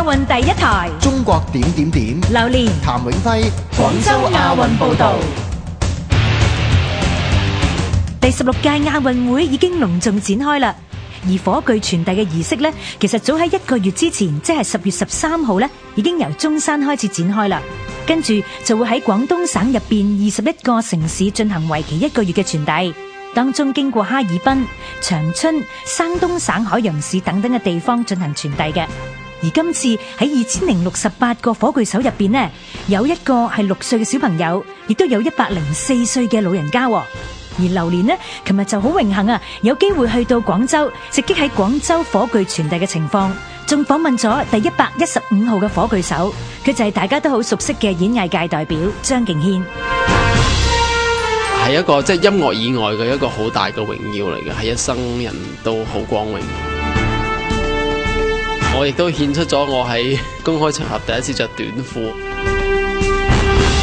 亞運第一台，中國點點點，劉蓮譚永輝，廣州亞運報道。第十六屆亞運會已經隆重展開啦，而火炬傳遞嘅儀式呢，其實早喺一個月之前，即係十月十三號呢，已經由中山開始展開啦。跟住就會喺廣東省入邊二十一個城市進行為期一個月嘅傳遞，當中經過哈爾濱、長春、山東省、海洋市等等嘅地方進行傳遞嘅。而今次喺二千零六十八個火炬手入邊呢，有一個係六歲嘅小朋友，亦都有一百零四歲嘅老人家。而劉蓮呢，琴日就好榮幸啊，有機會去到廣州，直擊喺廣州火炬傳遞嘅情況，仲訪問咗第一百一十五號嘅火炬手，佢就係大家都好熟悉嘅演藝界代表張敬軒。係一個即係音樂以外嘅一個好大嘅榮耀嚟嘅，係一生人都好光榮。我亦都獻出咗我喺公開場合第一次著短褲。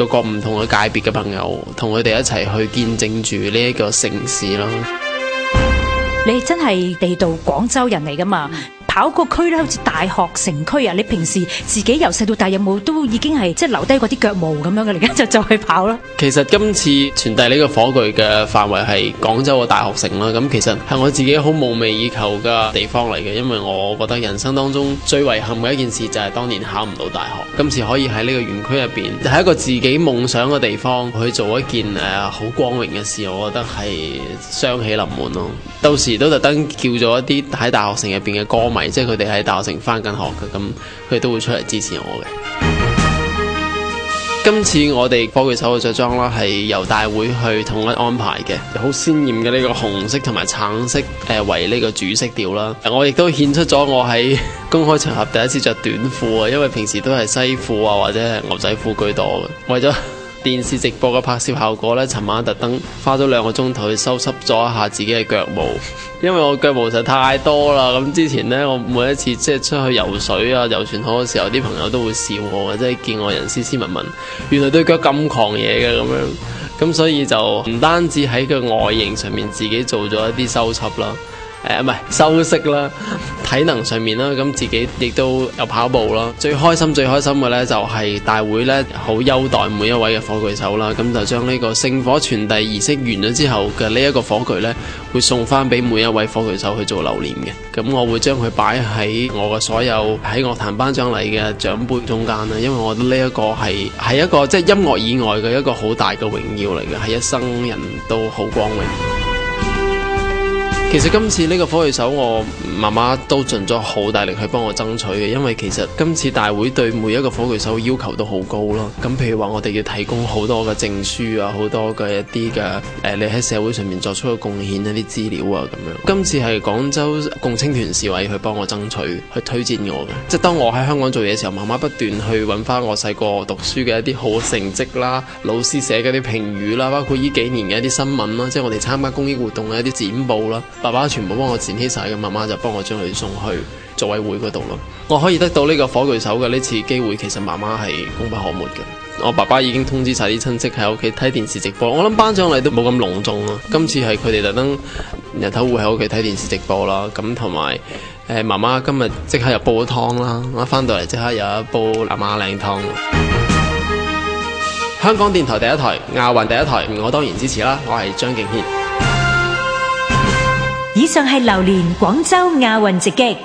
各個唔同嘅界別嘅朋友，同佢哋一齊去見證住呢一個盛事啦！你真係地道廣州人嚟㗎嘛？跑個區咧，好似大學城區啊！你平時自己由細到大有冇都已經係即係留低過啲腳毛咁樣嘅？而家就就去跑咯。其實今次傳遞呢個火炬嘅範圍係廣州嘅大學城啦。咁其實係我自己好夢寐以求嘅地方嚟嘅，因為我覺得人生當中最遺憾嘅一件事就係當年考唔到大學。今次可以喺呢個園區入邊，喺一個自己夢想嘅地方去做一件誒好光榮嘅事，我覺得係雙喜臨門咯。到時都特登叫咗一啲喺大學城入邊嘅歌迷。即係佢哋喺大學城翻緊學嘅，咁佢都會出嚟支持我嘅。 今次我哋火炬手嘅着裝啦，係由大會去統一安排嘅，好鮮艷嘅呢個紅色同埋橙色，誒為呢個主色調啦。我亦都獻出咗我喺公開場合第一次着短褲啊，因為平時都係西褲啊或者牛仔褲居多嘅，為咗。電視直播嘅拍攝效果呢，尋晚特登花咗兩個鐘頭去收拾咗一下自己嘅腳毛，因為我腳毛實在太多啦。咁之前呢，我每一次即係出去游水啊、遊船河嘅時候，啲朋友都會笑我，嘅，即係見我人斯斯文文，原來對腳咁狂野嘅咁樣。咁所以就唔單止喺個外形上面自己做咗一啲修輯啦。誒，唔係，呃、修飾啦，體能上面啦，咁自己亦都有跑步啦。最開心最開心嘅呢，就係、是、大會呢，好優待每一位嘅火炬手啦。咁就將呢個聖火傳遞儀式完咗之後嘅呢一個火炬呢，會送翻俾每一位火炬手去做留念嘅。咁我會將佢擺喺我嘅所有喺樂壇頒獎禮嘅獎盃中間啦，因為我覺得呢一個係係一個即係音樂以外嘅一個好大嘅榮耀嚟嘅，係一生人都好光榮。其實今次呢個火炬手，我媽媽都盡咗好大力去幫我爭取嘅。因為其實今次大會對每一個火炬手要求都好高咯。咁譬如話，我哋要提供好多嘅證書啊，好多嘅一啲嘅誒，你喺社會上面作出嘅貢獻一啲資料啊，咁樣。今次係廣州共青團市委去幫我爭取，去推薦我嘅。即係當我喺香港做嘢嘅時候，媽媽不斷去揾翻我細個讀書嘅一啲好成績啦，老師寫嘅啲評語啦，包括呢幾年嘅一啲新聞啦，即係我哋參加公益活動嘅一啲展報啦。爸爸全部幫我剪起晒，咁媽媽就幫我將佢送去組委會嗰度咯。我可以得到呢個火炬手嘅呢次機會，其實媽媽係功不可沒嘅。我爸爸已經通知晒啲親戚喺屋企睇電視直播。我諗頒獎禮都冇咁隆重咯，啊。今次係佢哋特登日頭會喺屋企睇電視直播啦。咁同埋誒媽媽今日即刻又煲湯啦。我翻到嚟即刻又煲阿媽靚湯。媽媽湯 香港電台第一台亞運第一台，我當然支持啦。我係張敬軒。以上係劉蓮，廣州亞運直擊。